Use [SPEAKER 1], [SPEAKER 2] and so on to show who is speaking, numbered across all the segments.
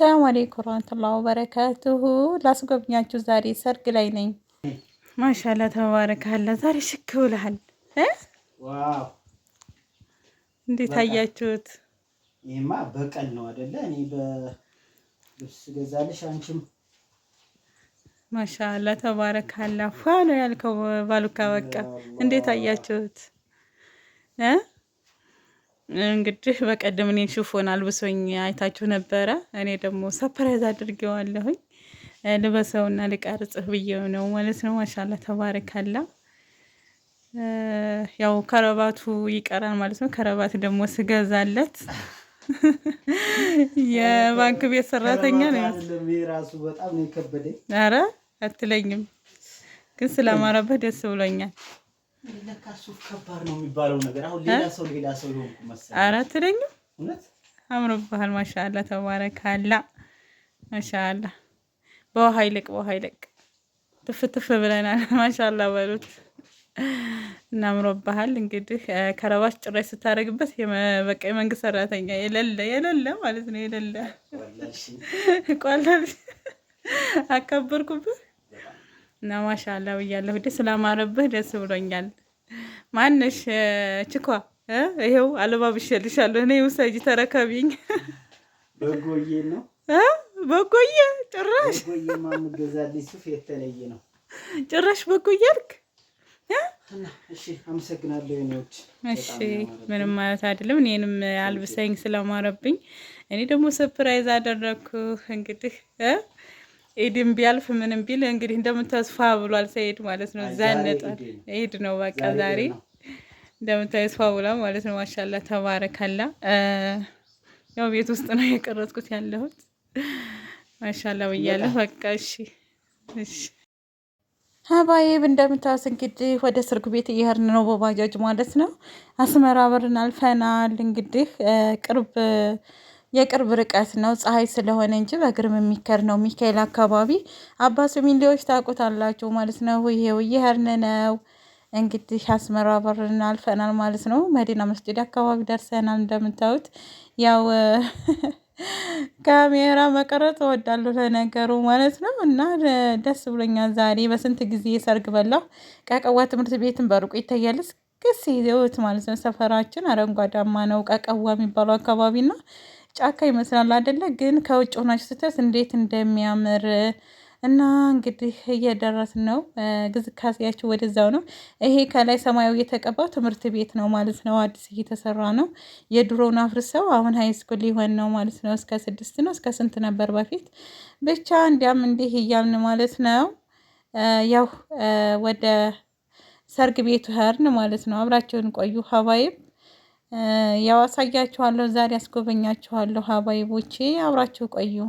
[SPEAKER 1] ሰላም አለይኩም ወራህመቱላሂ ወበረካቱሁ። ላስጎብኛችሁ ዛሬ ሰርግ ላይ ነኝ። ማሻላ ተባረካላ። ዛሬ ሽክ ብለሃል። ዋው እንዴት አያችሁት?
[SPEAKER 2] ይሄማ በቀል ነው አይደለ? እኔ በልብስ ገዛልሽ አንቺም
[SPEAKER 1] ማሻላ ተባረካላ። ፏ ነው ያልከው ባሉካ። በቃ እንዴት አያችሁት? እንግዲህ በቀደም እኔን ሽፎን አልብሶኝ አይታችሁ ነበረ። እኔ ደግሞ ሰፕራይዝ አድርጌዋለሁኝ ልበሰውና ልቀርጽህ ብዬው ነው ማለት ነው። ማሻላ ተባረካላ። ያው ከረባቱ ይቀራል ማለት ነው። ከረባት ደግሞ ስገዛለት የባንክ ቤት ሰራተኛ ነው። አትለኝም፣ ግን ስላማረበት ደስ ብሎኛል።
[SPEAKER 2] ለካ ኧረ
[SPEAKER 1] አምሮብሃል። ተባረካላ። በውሃ ይልቅ በውሃ ይልቅ ትፍትፍ ብለናል። ማሻአላ በሉት እና አምሮብሃል። እንግዲህ ከረባሽ ጭራሽ ስታደርግበት በቃ የመንግስት ሰራተኛ የሌለ የሌለ ማለት ነው የሌለ አከበርኩብህ እና ማሻላ ብያለሁ። ደስ ስላማረብህ ደስ ብሎኛል። ማነሽ ችኳ ይሄው አለባብሼልሻለሁ። እኔ ውሰጂ ተረከቢኝ።
[SPEAKER 2] በጎዬ ነው
[SPEAKER 1] በጎዬ። ጭራሽ
[SPEAKER 2] የማምገዛልኝ ሱፍ የተለየ ነው።
[SPEAKER 1] ጭራሽ በጎዬ አልክ። እሺ ምንም ማለት አይደለም። እኔንም አልብሰኝ ስለማረብኝ እኔ ደግሞ ሰፕራይዝ አደረግኩ እንግዲህ ኢድም ቢያልፍ ምንም ቢል እንግዲህ እንደምተስፋ ብሏል ሰኢድ ማለት ነው። እዛ ነጣል ኢድ ነው በቃ ዛሬ እንደምታየስፋ ብሏል ማለት ነው። ማሻላ ተባረካላ። ያው ቤት ውስጥ ነው የቀረጥኩት ያለሁት። ማሻላ ብያለሁ። በቃ እሺ፣ እሺ ሀባይብ እንደምታዩት እንግዲህ ወደ ሰርጉ ቤት እየሄድን ነው በባጃጅ ማለት ነው። አስመራ በርን አልፈናል እንግዲህ ቅርብ የቅርብ ርቀት ነው ፀሐይ ስለሆነ እንጂ በእግርም የሚከር ነው። ሚካኤል አካባቢ አባ ሱሚሌዎች ታውቁታላችሁ ማለት ነው። ይሄው እየሄድን ነው እንግዲህ አስመራ በርን አልፈናል ማለት ነው። መዲና መስጂድ አካባቢ ደርሰናል። እንደምታዩት ያው ካሜራ መቀረጽ እወዳለሁ ለነገሩ ማለት ነው። እና ደስ ብሎኛል ዛሬ በስንት ጊዜ ሰርግ በላሁ። ቀቀዋ ትምህርት ቤትን በርቁ ይታያል እስክስ ይዘውት ማለት ነው። ሰፈራችን አረንጓዳማ ነው ቀቀዋ የሚባለው አካባቢና ጫካ ይመስላል አደለ? ግን ከውጭ ሆናችሁ ስትደርስ እንዴት እንደሚያምር እና እንግዲህ እየደረስ ነው። ግዝካሴያችሁ ወደዛው ነው። ይሄ ከላይ ሰማያዊ የተቀባው ትምህርት ቤት ነው ማለት ነው። አዲስ እየተሰራ ነው። የድሮውን አፍርሰው አሁን ሀይስኩል ሊሆን ነው ማለት ነው። እስከ ስድስት ነው እስከ ስንት ነበር በፊት ብቻ እንዲያም እንዲህ እያልን ማለት ነው። ያው ወደ ሰርግ ቤቱ ሄርን ማለት ነው። አብራችሁን ቆዩ ሀባይም ያው አሳያችኋለሁ፣ ዛሬ አስጎበኛችኋለሁ። ሀባይቦቼ አብራችሁ ቆዩ።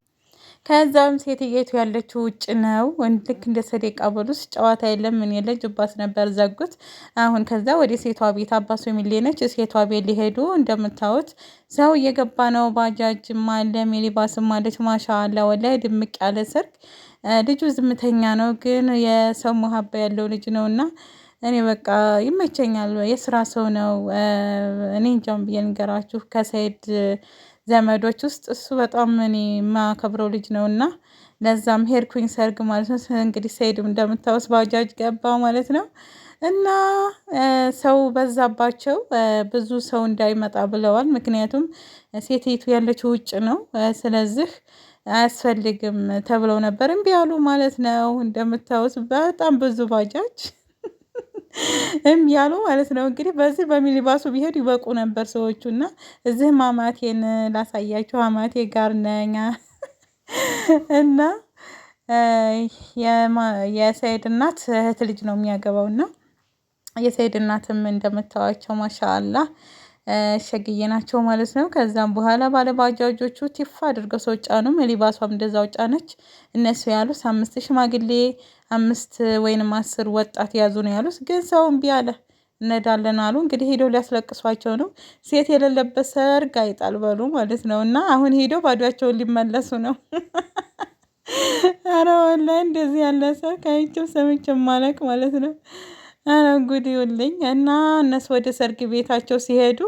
[SPEAKER 1] ከዛም ሴትየቱ ያለችው ውጭ ነው። ልክ እንደ ሰደቃ በሉስ ጨዋታ የለም ምን የለ ጅባት ነበር ዘጉት። አሁን ከዛ ወደ ሴቷ ቤት አባሶ የሚሌነች ሴቷ ቤት ሊሄዱ እንደምታዩት ሰው እየገባ ነው። ባጃጅም አለ ሚኒባስም አለች። አላ ወላሂ ድምቅ ያለ ሰርግ። ልጁ ዝምተኛ ነው፣ ግን የሰው መሀባ ያለው ልጅ ነው እና እኔ በቃ ይመቸኛል። የስራ ሰው ነው። እኔ እንጃም ብዬ ንገራችሁ ከሰይድ ዘመዶች ውስጥ እሱ በጣም እኔ የማከብረው ልጅ ነው እና ለዛም ሄድኩኝ ሰርግ ማለት ነው። እንግዲህ ሰይድም እንደምታወስ ባጃጅ ገባ ማለት ነው እና ሰው በዛባቸው ብዙ ሰው እንዳይመጣ ብለዋል። ምክንያቱም ሴትይቱ ያለችው ውጭ ነው። ስለዚህ አያስፈልግም ተብለው ነበር እምቢ አሉ ማለት ነው። እንደምታወስ በጣም ብዙ ባጃጅ እም ያሉ ማለት ነው። እንግዲህ በዚህ በሚኒባሱ ቢሄዱ ይበቁ ነበር ሰዎቹ። እና እዚህም አማቴን ላሳያቸው አማቴ ጋር ነኛ እና የሰይድ እናት እህት ልጅ ነው የሚያገባው እና የሰይድ እናትም እንደምታዋቸው ማሻአላ ሸግዬ ናቸው ማለት ነው። ከዛም በኋላ ባለባጃጆቹ ቲፋ አድርገው ሰው ጫኑ። ሚኒባሷም እንደዛው ጫነች። እነሱ ያሉት አምስት ሽማግሌ አምስት ወይንም አስር ወጣት ያዙ ነው ያሉት። ግን ሰው እምቢ አለ። እነዳለን አሉ። እንግዲህ ሄደው ሊያስለቅሷቸው ነው። ሴት የሌለበት ሰርግ አይጣል በሉ ማለት ነው። እና አሁን ሄደው ባዷቸውን ሊመለሱ ነው። አረ ወላሂ እንደዚህ ያለ ሰው ከአይቼም ሰምቼም ማለቅ ማለት ነው። አረ ጉድ ይውልኝ። እና እነሱ ወደ ሰርግ ቤታቸው ሲሄዱ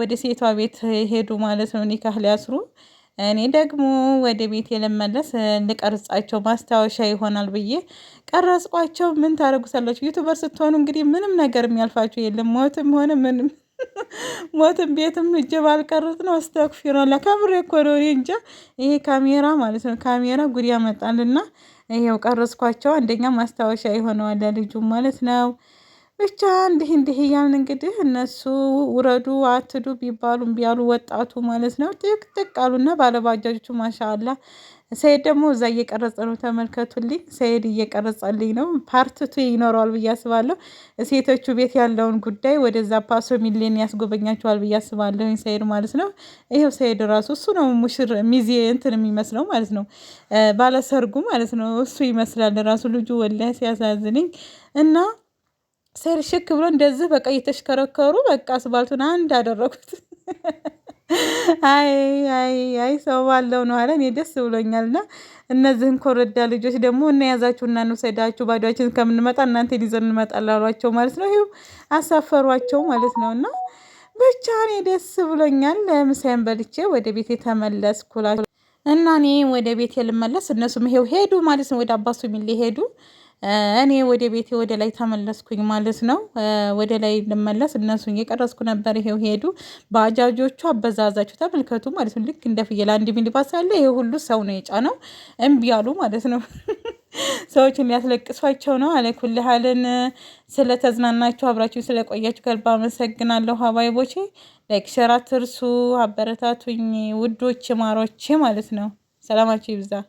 [SPEAKER 1] ወደ ሴቷ ቤት ሄዱ ማለት ነው። ኒካህ ሊያስሩ እኔ ደግሞ ወደ ቤት የለመለስ ልቀርጻቸው ማስታወሻ ይሆናል ብዬ ቀረጽቋቸው። ምን ታደርጉታላችሁ? ዩቱበር ስትሆኑ እንግዲህ ምንም ነገር የሚያልፋችሁ የለም። ሞትም ሆነ ምንም ሞትም ቤትም እጅ ባልቀርጽ ነው። አስተክፊሮላ ከምሬ እኮ ነው። እንጃ ይሄ ካሜራ ማለት ነው ካሜራ ጉድ ያመጣልና ይሄው ቀረጽኳቸው። አንደኛ ማስታወሻ ይሆነዋል ለልጁም ማለት ነው። ብቻ እንዲህ እንዲህ እያልን እንግዲህ እነሱ ውረዱ አትዱ ቢባሉ ቢያሉ ወጣቱ ማለት ነው ጥቅጥቅ አሉና ባለባጃጆቹ ማሻአላ። ሰይድ ደግሞ እዛ እየቀረጸ ነው፣ ተመልከቱልኝ። ሰይድ እየቀረጸልኝ ነው። ፓርትቱ ይኖረዋል ብዬ አስባለሁ። ሴቶቹ ቤት ያለውን ጉዳይ ወደዛ ፓሶ ሚሊዮን ያስጎበኛቸዋል ብዬ አስባለሁ። ሰይድ ማለት ነው። ይኸው ሰይድ ራሱ እሱ ነው ሙሽር ሚዜ እንትን የሚመስለው ማለት ነው፣ ባለሰርጉ ማለት ነው። እሱ ይመስላል ራሱ ልጁ ወላሂ ሲያሳዝንኝ እና ሴር ሽክ ብሎ እንደዚህ በቃ እየተሽከረከሩ በቃ አስባልቱን አንድ አደረጉት። አይ አይ አይ ሰው ባለው ነው አለ። እኔ ደስ ብሎኛል። ብሎኛልና እነዚህን ኮረዳ ልጆች ደግሞ እናያዛችሁ እና እንውሰዳችሁ ባዷችን ከምንመጣ እናንተ ሊዘን እንመጣል አሏቸው ማለት ነው። ይኸው አሳፈሯቸው ማለት ነው እና ብቻ እኔ ደስ ብሎኛል። ለምሳይን በልቼ ወደ ቤት የተመለስኩላቸው እና እኔ ወደ ቤት የልመለስ እነሱም ይሄው ሄዱ ማለት ነው። ወደ አባሱ ሚል ሄዱ። እኔ ወደ ቤቴ ወደ ላይ ተመለስኩኝ ማለት ነው። ወደ ላይ ልመለስ እነሱ የቀረስኩ ነበር። ይሄው ሄዱ ባጃጆቹ። አበዛዛቸው ተመልከቱ ማለት ነው። ልክ እንደ ፍየል አንድ ሚኒባስ ያለ ይሄ ሁሉ ሰው ነው የጫነው። እምቢ አሉ ማለት ነው። ሰዎችን ሊያስለቅሷቸው ነው አለ ኩልሃልን። ስለተዝናናችሁ አብራችሁ ስለቆያችሁ ከልብ አመሰግናለሁ። ሀባይቦቼ ላይክ፣ ሸር አትርሱ። አበረታቱኝ ውዶች፣ ማሮቼ ማለት ነው። ሰላማችሁ ይብዛ።